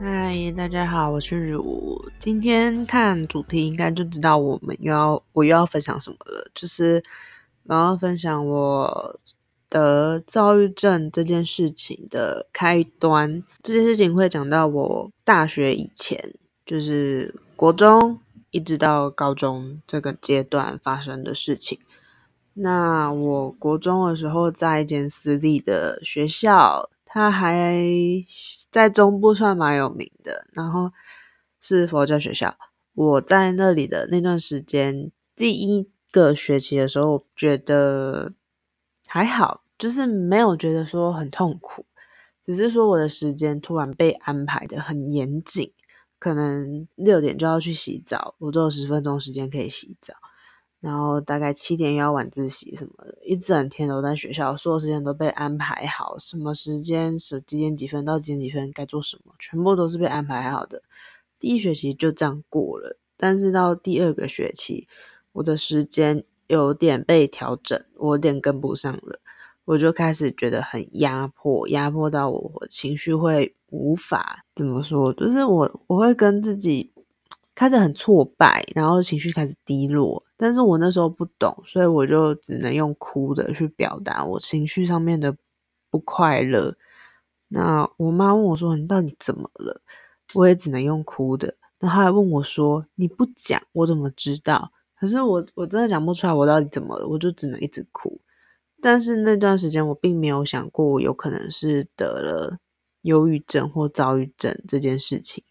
嗨，Hi, 大家好，我是茹。今天看主題，應該就知道我們又要我又要分享什麼了，就是然後分享我的躁鬱症這件事情的開端。這件事情會講到我大學以前，就是國中一直到高中這個階段發生的事情。那我國中的時候，在一間私立的學校。他還在中部算蠻有名的，然後是佛教學校。我在那裡的那段時間，第一個學期的時候，覺得還好，就是沒有覺得說很痛苦，只是說我的時間突然被安排的很嚴謹，可能六點就要去洗澡，我都有十分鐘時間可以洗澡。然後大概七點要晚自習什麼的，一整天都在學校，所有時間都被安排好，什麼時間是幾點幾分到幾點幾分該做什麼，全部都是被安排好的。第一學期就這樣過了，但是到第二個學期，我的時間有點被調整，我有點跟不上了，我就開始覺得很壓迫，壓迫到我，我情緒會無法怎麼說，就是我我會跟自己。開始很挫敗，然後情緒開始低落，但是我那時候不懂，所以我就只能用哭的去表達我情緒上面的不快樂。那我媽問我說：“你到底怎麼了？”我也只能用哭的。然後她還問我說：“你不講，我怎麼知道？”可是我我真的講不出來，我到底怎麼了？我就只能一直哭。但是那段時間，我並沒有想過我有可能是得了憂鬱症或躁鬱症這件事情。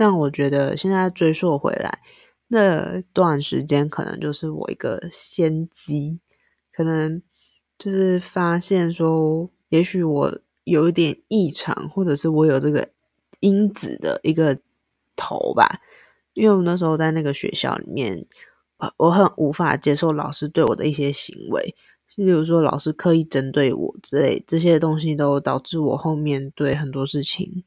但我覺得現在追溯回來，那段時間可能就是我一個先機，可能就是發現說，也許我有一點異常，或者是我有這個因子的一個頭吧。因為我那時候在那個學校裡面，我很無法接受老師對我的一些行為，例如說老師刻意針對我之類這些東西，都導致我後面對很多事情。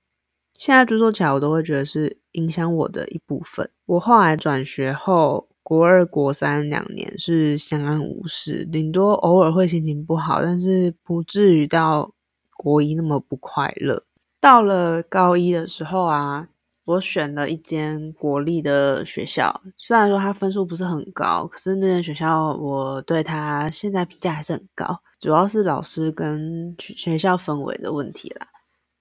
現在追溯起來，我都會覺得是影響我的一部分。我後來轉學後，國二、國三兩年是相安無事，頂多偶爾會心情不好，但是不至於到國一那麼不快樂。到了高一的時候啊，我選了一間國立的學校，雖然說它分數不是很高，可是那間學校我對他現在評價還是很高，主要是老師跟學、學校氛圍的問題啦。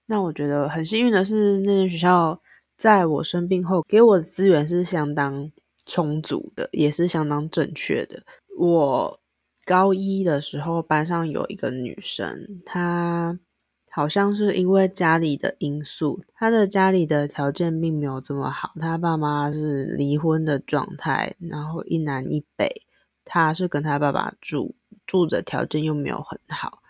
那我覺得很幸運的是，那間學校在我生病後給我的資源是相當充足的，也是相當正確的。我高一的時候，班上有一個女生，她好像是因為家裡的因素，她的家裡的條件並沒有這麼好，她爸媽是離婚的狀態，然後一南一北，她是跟她爸爸住，住的條件又沒有很好。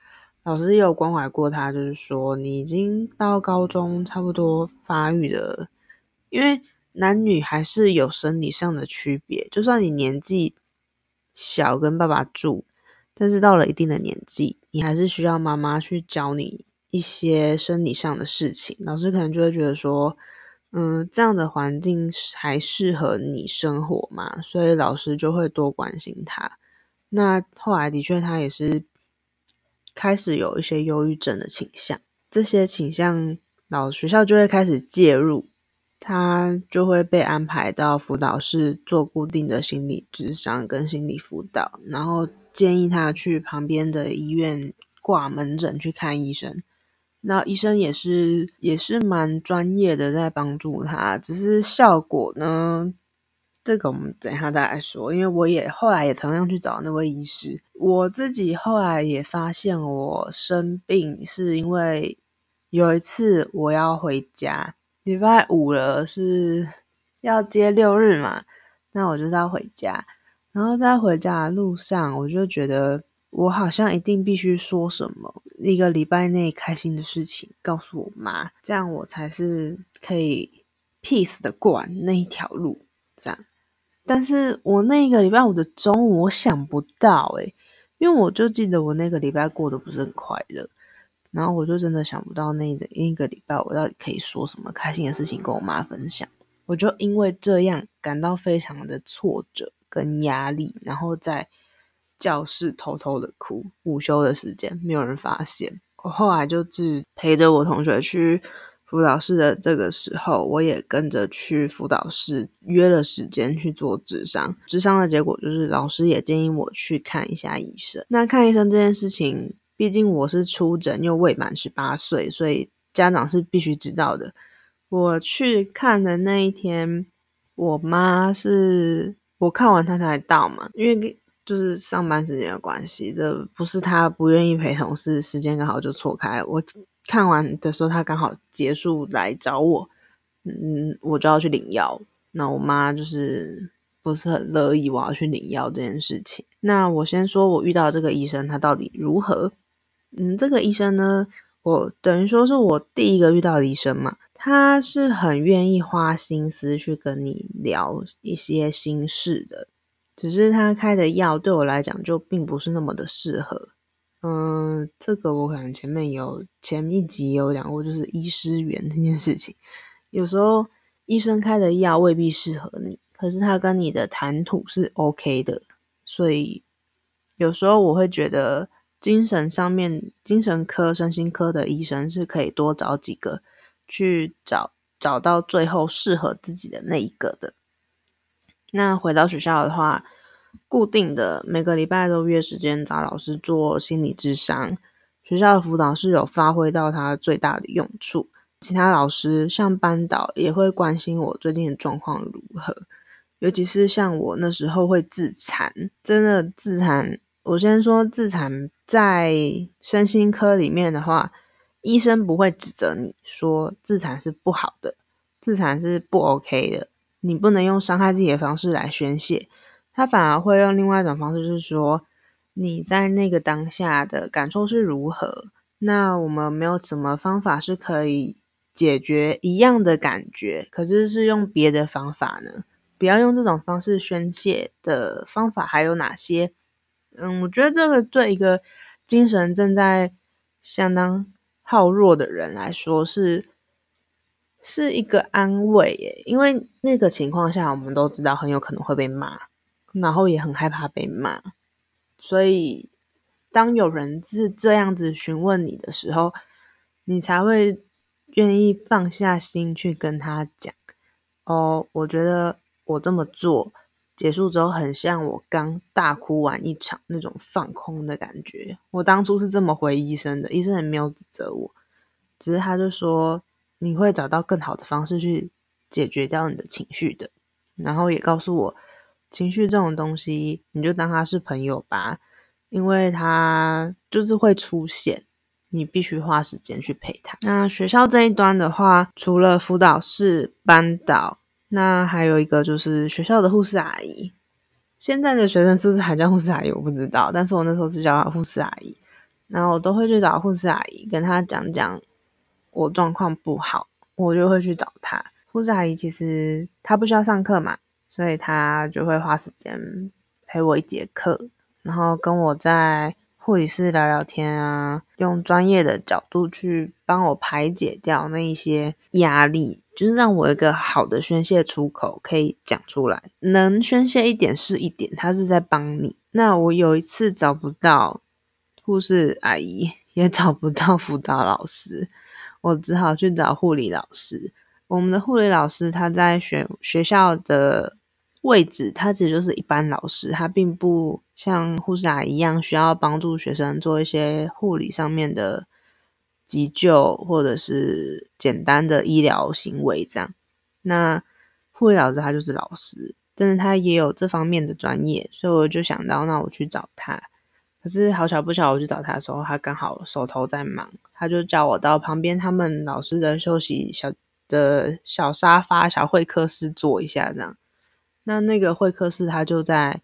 老師也有關懷過他，就是說你已經到高中，差不多發育的，因為男女還是有生理上的區別。就算你年紀小跟爸爸住，但是到了一定的年紀，你還是需要媽媽去教你一些生理上的事情。老師可能就會覺得說，嗯，這樣的環境才適合你生活嘛，所以老師就會多關心他。那後來的確，他也是，開始有一些憂鬱症的傾向，這些傾向，老師學校就會開始介入，他就會被安排到輔導室做固定的心理諮商，跟心理輔導，然後建議他去旁邊的醫院掛門診去看醫生。那醫生也是也是蠻專業的，在幫助他，只是效果呢？這個我們等一下再來說，因為我也後來也同樣去找那位醫師。我自己後來也發現，我生病是因為有一次我要回家，禮拜五了是要接六日嘛，那我就要回家。然後在回家的路上，我就覺得我好像一定必須說什麼，一個禮拜內開心的事情告訴我媽，這樣我才是可以 peace 的過完那一條路，這樣。但是我那個禮拜五的中午，我想不到誒、欸、因為我就記得我那個禮拜過得不是很快樂，然後我就真的想不到那一個禮拜我到底可以說什麼開心的事情跟我媽分享，我就因為這樣感到非常的挫折跟壓力，然後在教室偷偷偷的哭，午休的時間沒有人發現，我後來就自己陪着我同學去。輔導室的這個時候，我也跟着去輔導室約了時間去做諮商。諮商的結果就是，老師也建議我去看一下醫生。那看醫生這件事情，畢竟我是初診又未滿十八歲，所以家長是必須知道的。我去看的那一天，我媽是我看完她才到嘛，因為就是上班時間的關係，這不是她不願意陪同事，時間剛好就錯開我。看完的時候，他剛好結束來找我，嗯，我就要去領藥。那我媽就是不是很樂意我要去領藥這件事情。那我先說我遇到這個醫生他到底如何？嗯，這個醫生呢，我等於說是我第一個遇到的醫生嘛，他是很願意花心思去跟你聊一些心事的，只是他開的藥對我來講就並不是那麼的適合。嗯，這個我可能前面有，前一集有講過，就是醫師緣這件事情。有時候醫生開的藥未必適合你，可是他跟你的談吐是 OK 的，所以有時候我會覺得精神上面，精神科、身心科的醫生是可以多找幾個，去找，找到最後適合自己的那一個的。那回到學校的話。固定的，每個禮拜都約時間找老師做心理諮商。學校的輔導室有發揮到它最大的用處。其他老師像班導也會關心我最近的狀況如何，尤其是像我那時候會自殘，真的自殘。我先說自殘，在身心科裡面的話，醫生不會指責你說自殘是不好的，自殘是不 OK 的，你不能用傷害自己的方式來宣洩。他反而會用另外一種方式，就是說你在那個當下的感受是如何？那我們沒有什麼方法是可以解決一樣的感覺，可是是用別的方法呢？不要用這種方式宣泄的方法還有哪些？嗯，我覺得這個對一個精神正在相當耗弱的人來說是是一個安慰耶，因為那個情況下我們都知道很有可能會被罵。然後也很害怕被罵，所以當有人是這樣子詢問你的時候，你才會願意放下心去跟他講。哦，我覺得我這麼做結束之後，很像我剛大哭完一場那種放空的感覺。我當初是這麼回醫生的，醫生也沒有指責我，只是他就說，你會找到更好的方式去解決掉你的情緒的，然後也告訴我。情緒這種東西，你就當他是朋友吧，因為他就是會出現，你必須花時間去陪他。那學校這一端的話，除了輔導室、班導，那還有一個就是學校的護士阿姨。現在的學生是不是還叫護士阿姨？我不知道，但是我那時候是叫她護士阿姨，然後我都會去找護士阿姨，跟他講講我狀況不好，我就會去找他。護士阿姨其實她不需要上課嘛。所以他就會花時間陪我一節課，然後跟我在護理室聊聊天啊，用專業的角度去幫我排解掉那一些壓力，就是讓我一個好的宣洩出口可以講出來，能宣洩一點是一點。他是在幫你。那我有一次找不到護士阿姨，也找不到輔導老師，我只好去找護理老師。我們的護理老師他在學學校的位置他其實就是一般老師，他並不像護士長一樣需要幫助學生做一些護理上面的急救或者是簡單的醫療行為這樣。那護理老師他就是老師，但是他也有這方面的專業，所以我就想到那我去找他。可是好巧不巧，我去找他的時候，他剛好手頭在忙，他就叫我到旁邊他們老師的休息小的小沙發小會客室坐一下這樣。那那個會客室，他就在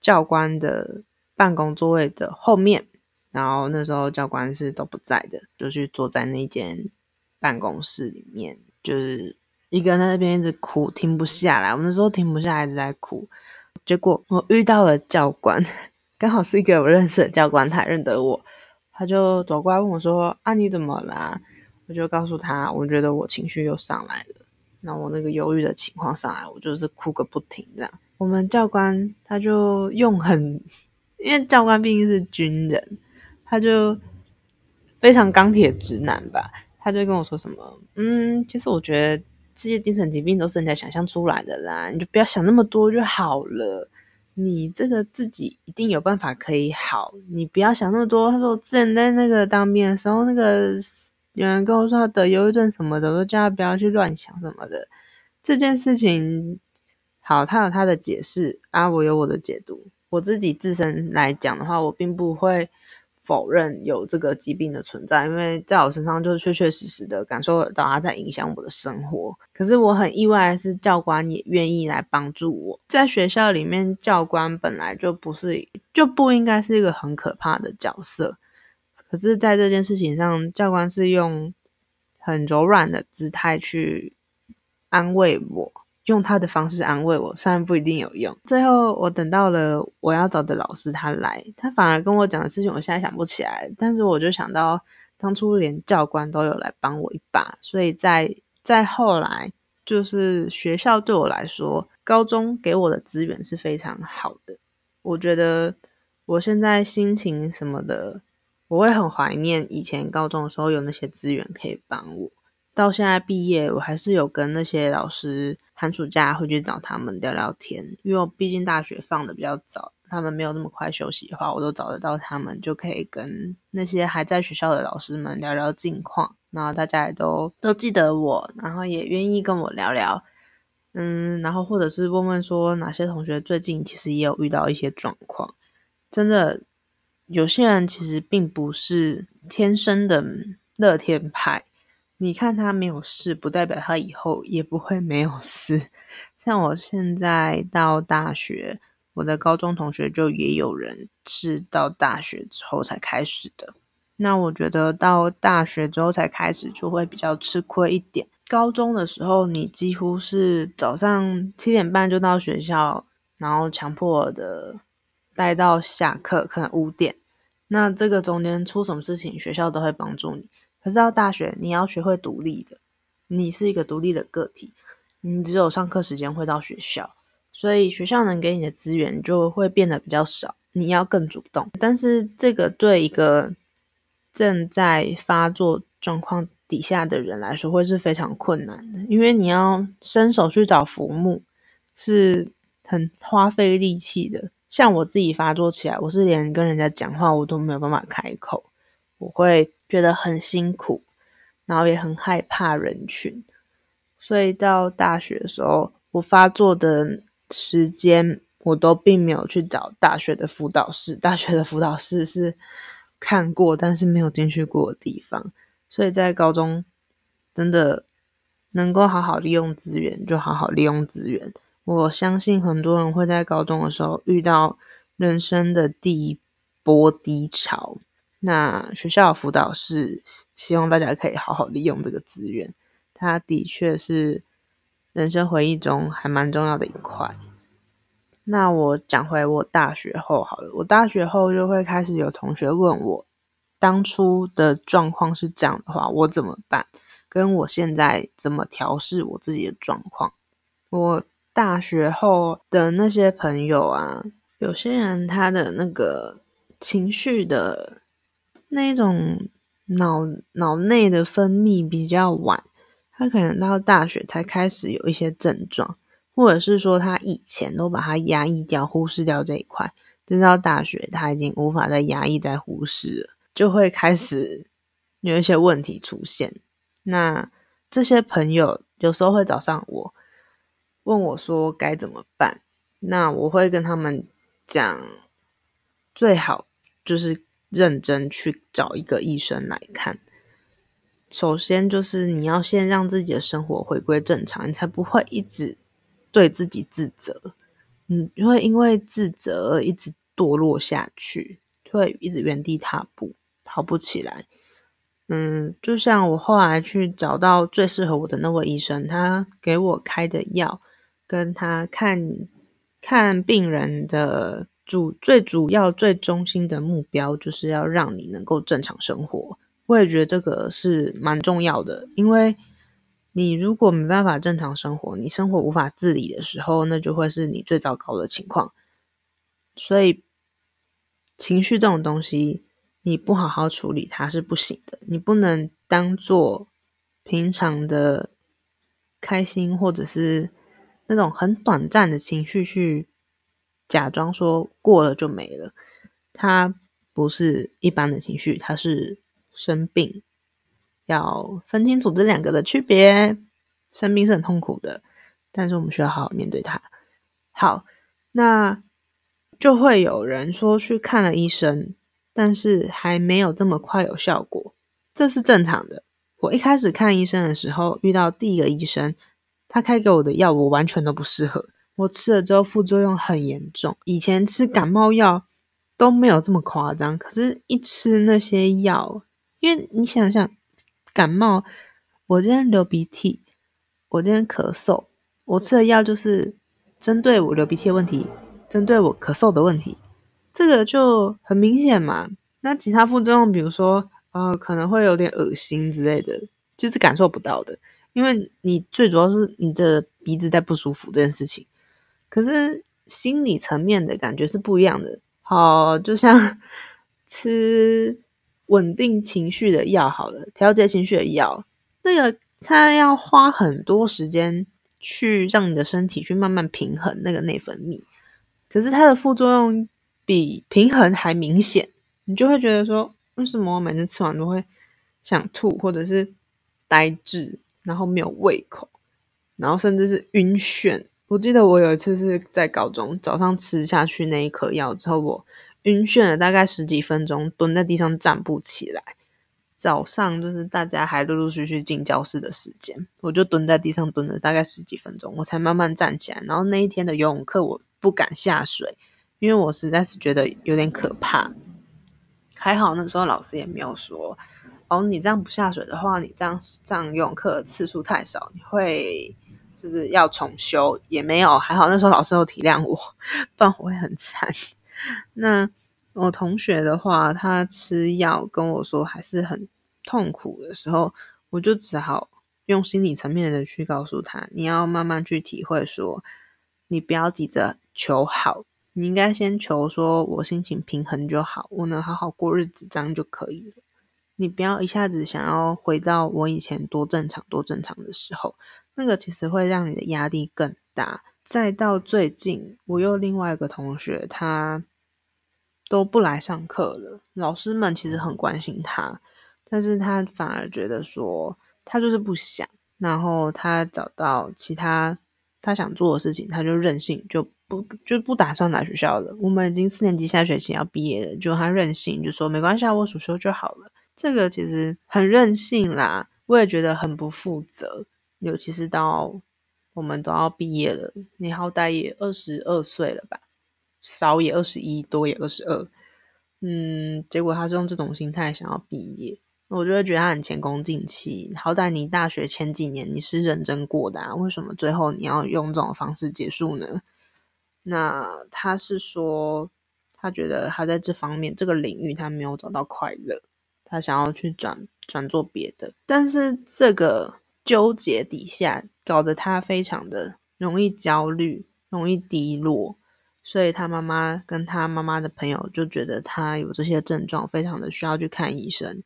教官的辦公座位的後面，然後那時候教官是都不在的，就去坐在那間辦公室裡面，就是一個人在那邊一直哭，停不下來。我們那時候停不下來，一直在哭。結果我遇到了教官，剛好是一個我認識的教官，他還認得我，他就走過來問我說：“啊，你怎麼啦？”我就告訴他，我覺得我情緒又上來了。那我那個憂鬱的情況上來，我就是哭個不停這樣。我們教官他就用很，因為教官畢竟是軍人，他就非常鋼鐵直男吧。他就跟我說什麼，嗯，其實我覺得這些精神疾病都是人家想象出來的啦，你就不要想那麼多就好了。你這個自己一定有辦法可以好，你不要想那麼多。他說，我之前在那個當兵的時候那個。有人跟我說他得憂鬱症什麼的，我就叫他不要去亂想什麼的。這件事情，好，他有他的解釋，啊，我有我的解讀。我自己自身來講的話，我並不會否認有這個疾病的存在，因為在我身上就是確確實實的感受得到他在影響我的生活。可是我很意外的是，教官也願意來幫助我。在學校裡面，教官本來就不是，就不應該是一個很可怕的角色。可是，在這件事情上，教官是用很柔軟的姿態去安慰我，用他的方式安慰我，雖然不一定有用。最後，我等到了我要找的老師，他來，他反而跟我講的事情，我現在想不起來。但是，我就想到當初連教官都有來幫我一把，所以在在後來，就是學校對我來說，高中給我的資源是非常好的。我覺得我現在心情什麼的。我會很懷念以前高中的時候有那些資源可以幫我。到現在畢業，我還是有跟那些老師寒暑假會去找他們聊聊天。因為我畢竟大學放的比較早，他們沒有那麼快休息的話，我都找得到他們，就可以跟那些還在學校的老師們聊聊近況。然後大家也都都記得我，然後也願意跟我聊聊。嗯，然後或者是問問說哪些同學最近其實也有遇到一些狀況，真的。有些人其實並不是天生的樂天派，你看他沒有事，不代表他以後也不會沒有事。像我現在到大學，我的高中同學就也有人是到大學之後才開始的。那我覺得到大學之後才開始就會比較吃虧一點。高中的時候，你幾乎是早上七點半就到學校，然後強迫我的。待到下課，可能五點。那這個中間出什麼事情，學校都會幫助你。可是到大學，你要學會獨立的，你是一個獨立的個體，你只有上課時間會到學校，所以學校能給你的資源就會變得比較少，你要更主動。但是這個對一個正在發作狀況底下的人來說，會是非常困難的，因為你要伸手去找服務，是很花費力氣的。像我自己發作起來，我是連跟人家講話我都沒有辦法開口，我會覺得很辛苦，然後也很害怕人群。所以到大學的時候，我發作的時間我都並沒有去找大學的輔導室，大學的輔導室是看過但是沒有進去過的地方。所以在高中真的能夠好好利用資源，就好好利用資源。我相信很多人會在高中的時候遇到人生的第一波低潮，那學校的輔導室希望大家可以好好利用這個資源，它的確是人生回憶中還蠻重要的一塊。那我講回我大學後好了，我大學後就會開始有同學問我，當初的狀況是這樣的話，我怎麼辦？跟我現在怎麼調適我自己的狀況？我。大學後的那些朋友啊，有些人他的那個情緒的那一種腦腦內的分泌比較晚，他可能到大學才開始有一些症狀，或者是說他以前都把它壓抑掉、忽視掉這一塊，等到大學他已經無法再壓抑、再忽視了，就會開始有一些問題出現。那這些朋友有時候會找上我。問我說該怎麼辦？那我會跟他們講，最好就是認真去找一個醫生來看。首先就是你要先讓自己的生活回歸正常，你才不會一直對自己自責。嗯，你會因為自責而一直墮落下去，會一直原地踏步，好不起來。嗯，就像我後來去找到最適合我的那位醫生，他給我開的藥。跟他看看病人的主最主要最中心的目標，就是要讓你能夠正常生活。我也覺得這個是蠻重要的，因為你如果沒辦法正常生活，你生活無法自理的時候，那就會是你最糟糕的情況。所以，情緒這種東西，你不好好處理它是不行的。你不能當做平常的開心或者是。那種很短暫的情緒，去假裝說過了就沒了，它不是一般的情緒，它是生病，要分清楚這兩個的區別。生病是很痛苦的，但是我們需要好好面對它。好，那就會有人說去看了醫生，但是還沒有這麼快有效果，這是正常的。我一開始看醫生的時候，遇到第一個醫生。他開給我的藥，我完全都不適合。我吃了之後，副作用很嚴重。以前吃感冒藥都沒有這麼誇張，可是一吃那些藥，因為你想想，感冒，我今天流鼻涕，我今天咳嗽，我吃的藥就是針對我流鼻涕的問題，針對我咳嗽的問題，這個就很明顯嘛。那其他副作用，比如說，呃，可能會有點噁心之類的，就是感受不到的。因為你最主要是你的鼻子在不舒服這件事情，可是心理層面的感覺是不一樣的。好，就像吃穩定情緒的藥好了，調節情緒的藥，那個它要花很多時間去讓你的身體去慢慢平衡那個內分泌，可是它的副作用比平衡還明顯，你就會覺得說，為什麼我每次吃完都會想吐或者是呆滯？然後沒有胃口，然後甚至是暈眩。我記得我有一次是在高中早上吃下去那一顆藥之後，我暈眩了大概十幾分鐘，蹲在地上站不起來。早上就是大家還陸陸續續進教室的時間，我就蹲在地上蹲了大概十幾分鐘，我才慢慢站起來。然後那一天的游泳課，我不敢下水，因為我實在是覺得有點可怕。還好那時候老師也沒有說。哦，你這樣不下水的話，你這樣這樣游泳課的次數太少，你會就是要重修也沒有，還好那時候老師有體諒我，不然我會很慘。那我同學的話，他吃藥跟我說還是很痛苦的時候，我就只好用心理層面的去告訴他，你要慢慢去體會說，說你不要急着求好，你應該先求說我心情平衡就好，我能好好過日子這樣就可以了。你不要一下子想要回到我以前多正常、多正常的時候，那個其實會讓你的壓力更大。再到最近，我又有另外一個同學，他都不來上課了。老師們其實很關心他，但是他反而覺得說他就是不想，然後他找到其他他想做的事情，他就任性就不就不打算來學校了。我們已經四年級下學期要畢業了，就他任性就說沒關係，啊，我暑修就好了。這個其實很任性啦，我也覺得很不負責。尤其是到我們都要畢業了，你好歹也二十二歲了吧，少也二十一，多也二十二。嗯，結果他是用這種心態想要畢業，那我就會覺得他很前功盡棄。好歹你大學前幾年你是認真過的啊，為什麼最後你要用這種方式結束呢？那他是說，他覺得他在這方面這個領域他沒有找到快樂。他想要去轉轉做別的，但是這個糾結底下搞得他非常的容易焦慮，容易低落，所以他媽媽跟他媽媽的朋友就覺得他有這些症狀，非常的需要去看醫生。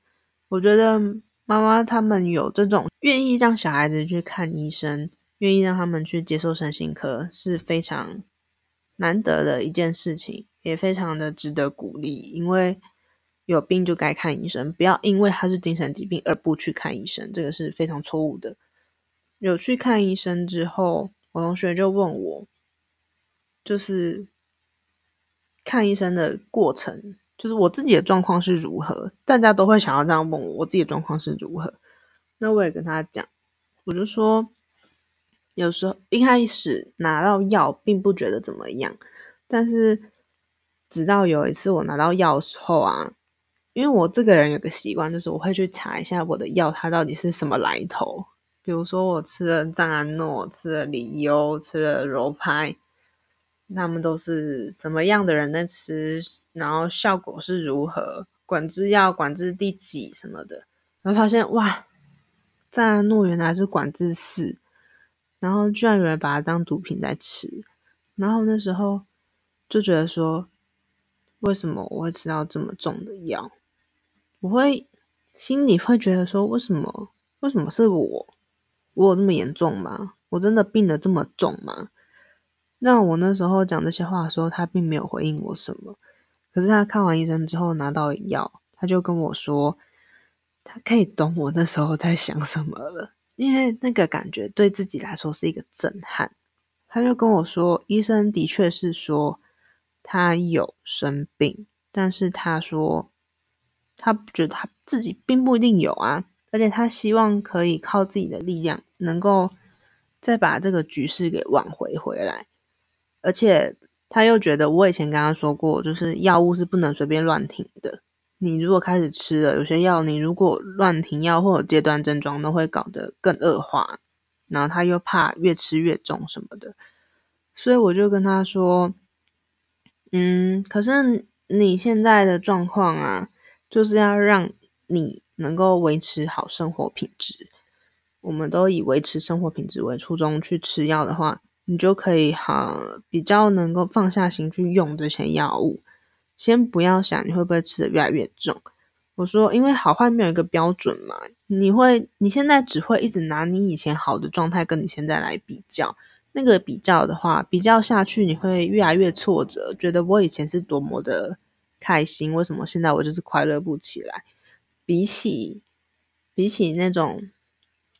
我覺得媽媽他們有這種願意讓小孩子去看醫生，願意讓他們去接受身心科，是非常難得的一件事情，也非常的值得鼓勵，因為。有病就該看醫生，不要因為他是精神疾病，而不去看醫生，這個是非常錯誤的。有去看醫生之後，我同學就問我，就是看醫生的過程，就是我自己的狀況是如何？大家都會想要這樣問我，我自己的狀況是如何？那我也跟他講，我就說，有時候一開始拿到藥並不覺得怎麼樣，但是直到有一次我拿到藥的時候啊。因為我這個人有個習慣，就是我會去查一下我的藥，它到底是什麼來頭。比如說，我吃了贊安諾，吃了里優，吃了柔派，他們都是什麼樣的人在吃，然後效果是如何，管制藥管制第幾什麼的。然後發現哇，贊安諾原來是管制四，然後居然有人把它當毒品在吃。然後那時候就覺得說，為什麼我會吃到這麼重的藥？我會心裡會覺得說，為什麼？為什麼是我？我有這麼嚴重嗎？我真的病得這麼重嗎？那我那時候講這些話的時候，他並沒有回應我什麼。可是他看完醫生之後拿到藥，他就跟我說，他可以懂我那時候在想什麼了，因為那個感覺對自己來說是一個震撼。他就跟我說，醫生的確是說他有生病，但是他說。他覺得他自己並不一定有啊，而且他希望可以靠自己的力量，能夠再把這個局勢給挽回回來。而且他又覺得，我以前跟他說過，就是藥物是不能隨便亂停的。你如果開始吃了有些藥，你如果亂停藥或者戒斷症狀，都會搞得更惡化。然後他又怕越吃越重什麼的，所以我就跟他說，嗯，可是你現在的狀況啊。就是要讓你能夠維持好生活品質。我們都以維持生活品質為初衷去吃藥的話，你就可以哈比較能夠放下心去用這些藥物，先不要想你會不會吃得越來越重。我說，因為好壞沒有一個標準嘛，你會你現在只會一直拿你以前好的狀態跟你現在來比較，那個比較的話，比較下去你會越來越挫折，覺得我以前是多麼的。開心，為什麼現在我就是快樂不起來？比起比起那種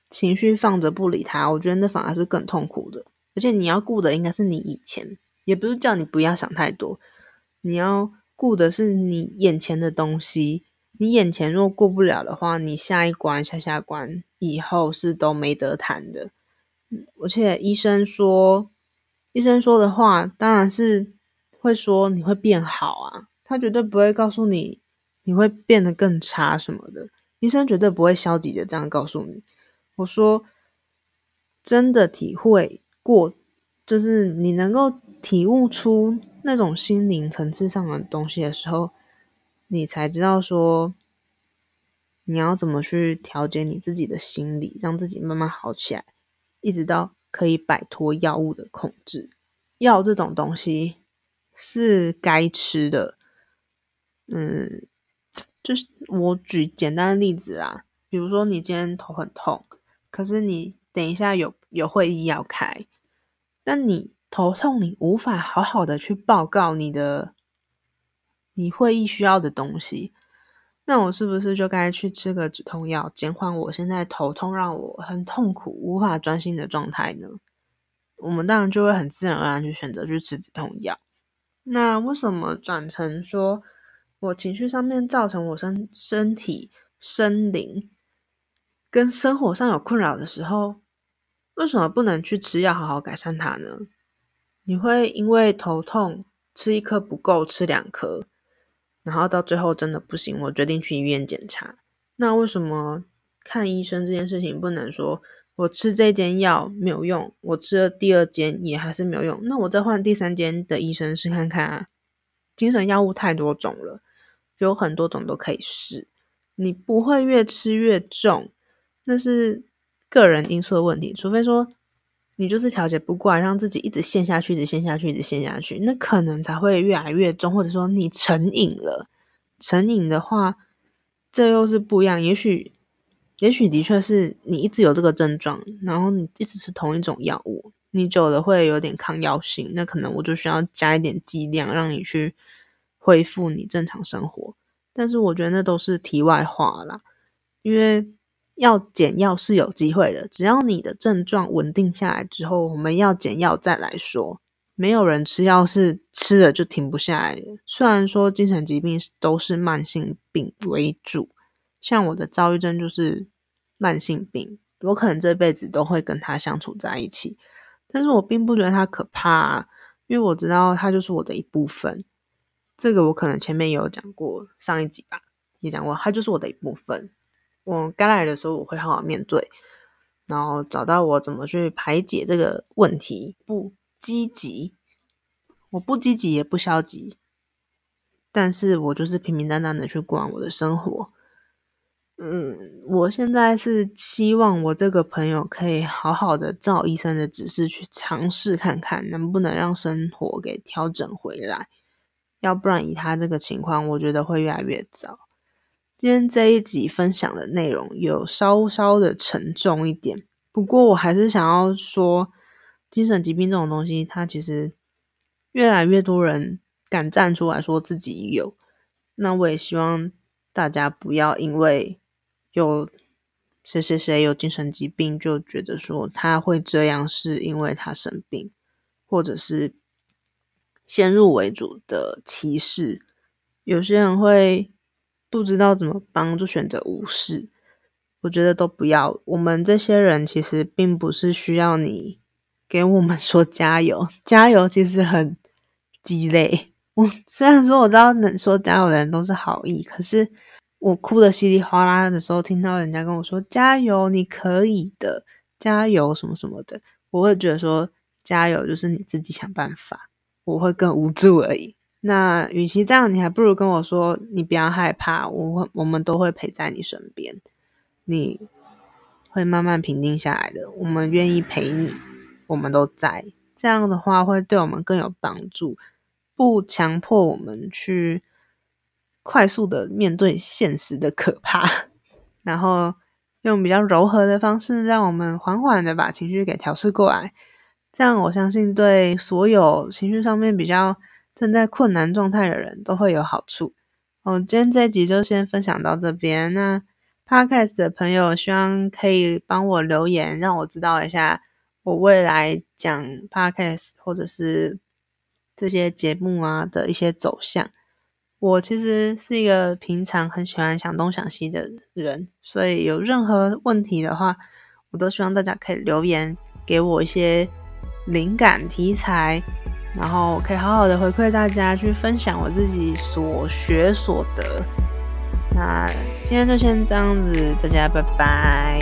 情緒放着不理他，我覺得那反而是更痛苦的。而且你要顧的應該是你以前，也不是叫你不要想太多，你要顧的是你眼前的東西。你眼前如果過不了的話，你下一關、下下關以後是都沒得談的。而且醫生說，醫生說的話當然是會說你會變好啊。他絕對不會告訴你你會變得更差什麼的，醫生絕對不會消極的這樣告訴你。我說真的體會過，就是你能夠體悟出那種心靈層次上的東西的時候，你才知道說你要怎麼去調節你自己的心理，讓自己慢慢好起來，一直到可以擺脫藥物的控制。藥這種東西是該吃的。嗯，就是我舉簡單的例子啊，比如說你今天頭很痛，可是你等一下有有會議要開，但你頭痛，你無法好好的去報告你的你會議需要的東西，那我是不是就該去吃個止痛藥，減緩我現在頭痛讓我很痛苦無法專心的狀態呢？我們當然就會很自然而然去選擇去吃止痛藥。那為什麼轉成說？我情緒上面造成我身身體、生靈跟生活上有困擾的時候，為什麼不能去吃藥好好改善它呢？你會因為頭痛吃一顆不夠，吃兩顆，然後到最後真的不行，我決定去醫院檢查。那為什麼看醫生這件事情不能說我吃這間藥沒有用，我吃了第二間也還是沒有用，那我再換第三間的醫生試看看啊？精神藥物太多種了。有很多種都可以試，你不會越吃越重，那是個人因素的問題。除非說你就是調節不過來，讓自己一直陷下去，一直陷下去，一直陷下去，那可能才會越來越重。或者說你成癮了，成癮的話，這又是不一樣。也許，也許的確是你一直有這個症狀，然後你一直吃同一種藥物，你久了會有點抗藥性，那可能我就需要加一點劑量，讓你去。恢復你正常生活，但是我覺得那都是題外話啦。因為要減藥是有機會的，只要你的症狀穩定下來之後，我們要減藥再來說。沒有人吃藥是吃了就停不下來。雖然說精神疾病都是慢性病為主，像我的躁鬱症就是慢性病，我可能這輩子都會跟他相處在一起。但是我並不覺得他可怕啊，因為我知道他就是我的一部分。這個我可能前面有講過上一集吧，也講過，它就是我的一部分。我該來的時候我會好好面對，然後找到我怎麼去排解這個問題。不積極，我不積極也不消極，但是我就是平平淡淡的去過完我的生活。嗯，我現在是希望我這個朋友可以好好的照醫生的指示去嘗試看看，能不能讓生活給調整回來。要不然以他這個情況，我覺得會越來越糟。今天這一集分享的內容有稍稍的沉重一點，不過我還是想要說，精神疾病這種東西，它其實越來越多人敢站出來說自己有。那我也希望大家不要因為有誰誰誰有精神疾病，就覺得說他會這樣是因為他生病，或者是。先入為主的歧視，有些人會不知道怎麼幫助，選擇無視。我覺得都不要。我們這些人其實並不是需要你給我們說加油，加油其實很雞肋。我雖然說我知道能說加油的人都是好意，可是我哭得稀里嘩啦的時候，聽到人家跟我說加油，你可以的，加油什麼什麼的，我會覺得說加油就是你自己想辦法。我會更無助而已。那與其這樣，你還不如跟我說，你不要害怕，我會我們都會陪在你身邊，你會慢慢平靜下來的。我們願意陪你，我們都在。這樣的話會對我們更有幫助，不強迫我們去快速的面對現實的可怕，然後用比較柔和的方式，讓我們緩緩的把情緒給調試過來。這樣，我相信對所有情緒上面比較正在困難狀態的人都會有好處。哦，今天這一集就先分享到這邊。那 Podcast 的朋友，希望可以幫我留言，讓我知道一下我未來講 Podcast 或者是這些節目啊的一些走向。我其實是一個平常很喜歡想東想西的人，所以有任何問題的話，我都希望大家可以留言給我一些。靈感題材，然後可以好好的回饋大家，去分享我自己所學所得。那今天就先這樣子，大家拜拜。